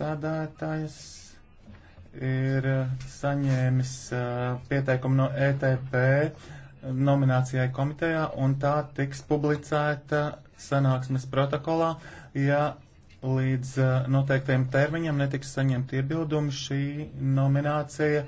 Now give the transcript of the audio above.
priekšsēdētājs ir saņēmis pieteikumu no ETP nominācijai komitejā, un tā tiks publicēta sanāksmes protokolā. Ja līdz noteiktajam termiņam netiks saņemti iebildumi, šī nominācija